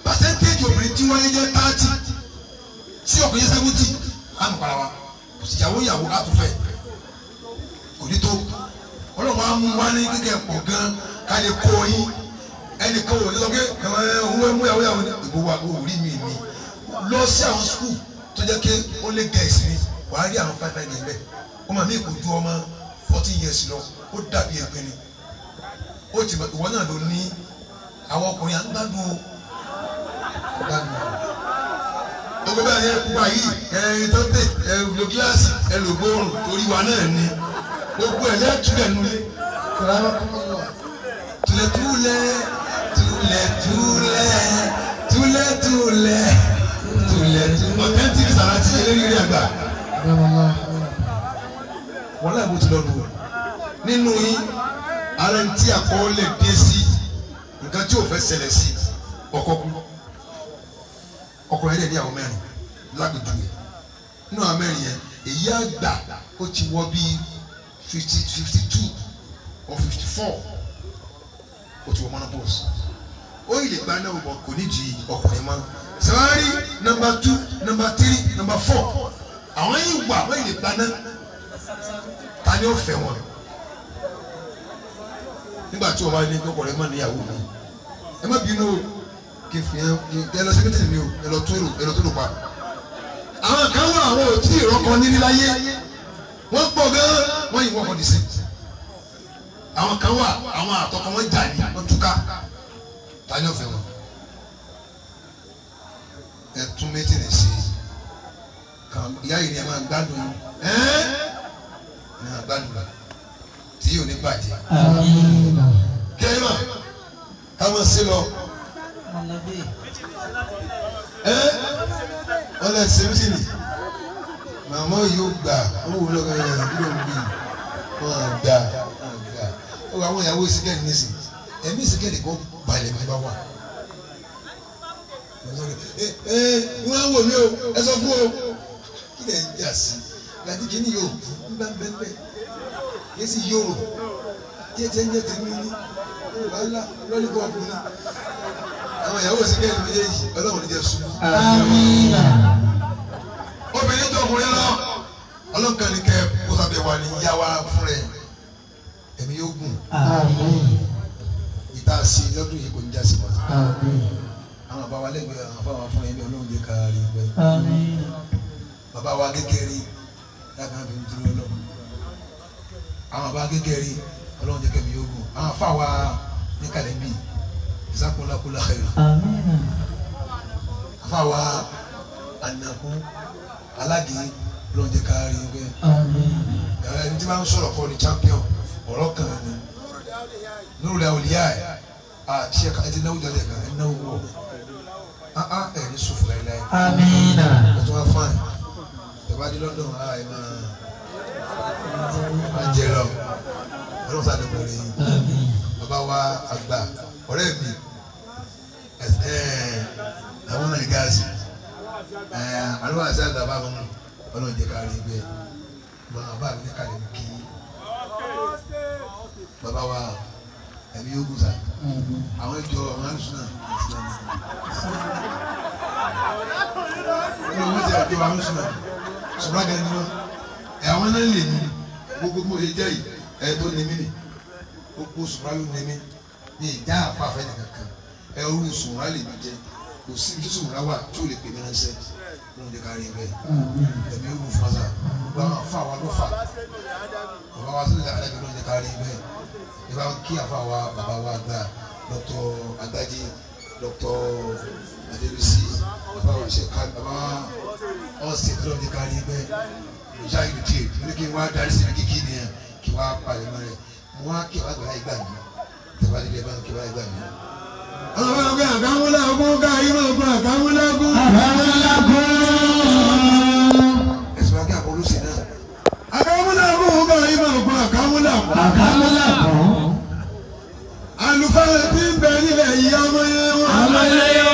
pàṣẹ́ntéèjì obìnrin tí wọ́n yẹ jẹ́ táàtì tí ọkùnrin sẹ́fíntì á nù para wa kò sì yàwó yàwó á tún fẹ́ kò ní tó ọlọ́run á mú wá ní kíkẹ́ pọ̀ gan ká lè kó yín ẹnìkan ò ní sọ pé òun ẹ mú yàwó yàwó ní ìbò wa ò rí mi ni lọ sí àwọn skul tó jẹ́ pé ó lé gẹ̀ẹ́sì ni wàá rí àwọn five five yẹn bẹ́ẹ̀ ọmọ mi kò ju ọmọ fourteen years lọ ó dàbí ẹgbẹ́ ni ó ti ìwọ náà ló ní àwọn ọkùnrin à ń gbádùn o gbádùn o gbogbo bẹ́ẹ̀ ni ẹ kú wa yìí ẹ tó tè ẹ lo gíláàsì ẹ lò gbóòrùn torí wa náà ni gbogbo ẹ̀ lẹ́tù lẹ̀ nulẹ̀ tulẹ̀ tulẹ̀ tulẹ̀ tulẹ̀ tulẹ̀ tulẹ̀ tulẹ̀ tulẹ̀ authentic Saraki eléré àgbà wọn láì bó ti lọ dùn nínú yín ara ń tí àkọọ́lẹ̀ dé sí nǹkan tí ò fẹ́ ṣẹlẹ̀ sí ọkọ kú ọkùnrin yẹn ní àwọn mẹ́rin lágbègbè náà mẹ́rin yẹn èyí àgbà ó ti wọ́ bíi fifty fifty two or fifty four o ti wọ monopause ó yìí lè gba náà wọ kò ní di ọkùnrin mọ́ sẹ́wárí nọmba two nọmba three nọmba four àwọn yìí wà wọ́n yìí lè gba náà ta ni ó fẹ́ wọn nígbà tí wọ́n bá ní ọkùnrin mọ́ níyàwó mi ẹ má bínú o kí n fi hàn kí ẹ lọ sí mítìrì mi o ẹ lọ tó rò ẹ lọ tó rò pa àwọn kan wà àwọn ò tí ì rọkàn nílí láyé wọ́n pọ̀ gan when you work on the same àwọn kan wà àwọn àtọkọ wọn jà ní wọn túká tani ọ̀fẹ́ wọn ẹ tún mẹtìrì sí i ìyá yìí ni ẹ máa gbádùn ẹ ẹ máa gbádùn rẹ tí yóò ní bàjẹ́ kẹrìmà káwọn sí lọ ẹ ọlẹ sèmítìrì màmá yóò gbà owó lọkọ yẹn kí ló wọn da wọn ó wà àwọn ìyàwó sikẹ́ni ní sìn ẹ̀mí sikẹ́ni kò balẹ̀ mi bá wà. ẹ ẹ wọn á o ẹ fún o kí lè jà sí gàdí kìíní yóò kú ń bá yé sì yóò rò kí ẹ jẹ́ ń jẹ́ tèmi ní wàhálà lọ́lí kọ́ ọkùnrin náà àwọn ìyàwó sikẹ́ni méjèèjì ọlọ́run ní jẹ́ sùn. obìnrin tó ọkùnrin lọ ọlọ́kan kó sábẹ́ wa ní yá wa fún rẹ̀ ẹ̀mí yóò gùn ìta sí lọ́dún yìí kò ní já wa àwọn bàbá wa lẹ́gbẹ̀ẹ́ àwọn bàbá wa fún ẹ̀mí ọlọ́run jẹ́ ká rí bàbá wa kékeré dábàá bí n dúró lọ àwọn bàbá kékeré ọlọ́run jẹ́ kẹ́mi yóò gùn àwọn afá wa ní kàlẹ́ bíi ìsákòlákòlá afá wa ànàkú alágẹ̀ẹ́ ló ń jẹ ẹni tí máa sọ̀rọ̀ kọ́ ni champion ọ̀rọ̀ kan ni lórí àwòlíyá ẹ̀ àti ẹ̀ka ẹ̀dín náwó jáde ẹ̀ka ẹ̀ náwó wọ̀ áá ah, ah, ẹ̀ ní sùfù láíláí. amínà. ẹ tó wá fáìn ẹ bá dé London á ẹ máa máa jẹ lọ ọlọ́run sáà dẹ̀kọ̀ rí bàbá wa àgbà ọ̀rẹ́ mi ẹ̀ ẹ̀ àwọn nàìjíríà sí ẹ̀ àlùfáà sí àgbà bá wọn nù. Ọlọ́run jẹ́ ká rí bẹ́ẹ̀ bàbá mi ní kàlẹ́ kí bàbá wa ẹ̀mí yóò gùn sá àwọn ìjọ àwọn àlùsùn náà ìsìlámù ní wọ́n ti àjọ àwọn àlùsùn náà ṣùgbọ́n àgàdì ni wọ́n àwọn náà lè mú gbogbo mo lè jẹ́ yìí ẹ̀ tó ní mí nì gbogbo ṣùgbọ́n ló ní mí ní ìjà àpá àfẹ́ nìkan kan ẹ̀ orú ṣùgbọ́n lè mí jẹ́ kò sí ṣùgbọ́n wà tí lè pè mí ránṣẹ́ ló ń jẹ ká rí bẹ́ẹ̀ mm, mm. ẹ̀mí ewu fasa gbogbo àwọn afa wa ló fà bàbá wa sílẹ̀ alẹ́ mi ló ń jẹ ká rí bẹ́ẹ̀ ẹ bá kí afa wa bàbá wa gbà dọ́kítọ̀ adájí dọ́kítọ̀ adébísí bàbá wa ṣe ká bàbá ọ̀sẹ̀ tó ló ń jẹ ká rí bẹ́ẹ̀ ìjà yìí tiẹ̀ lórí kí n wá darí sí kíkí ni ẹ̀ kí àkàmọ́lá kan. àlùfáà ti ń bẹ nílẹ̀ yìí ọmọ yẹn wọn. ọmọ yẹn wọn.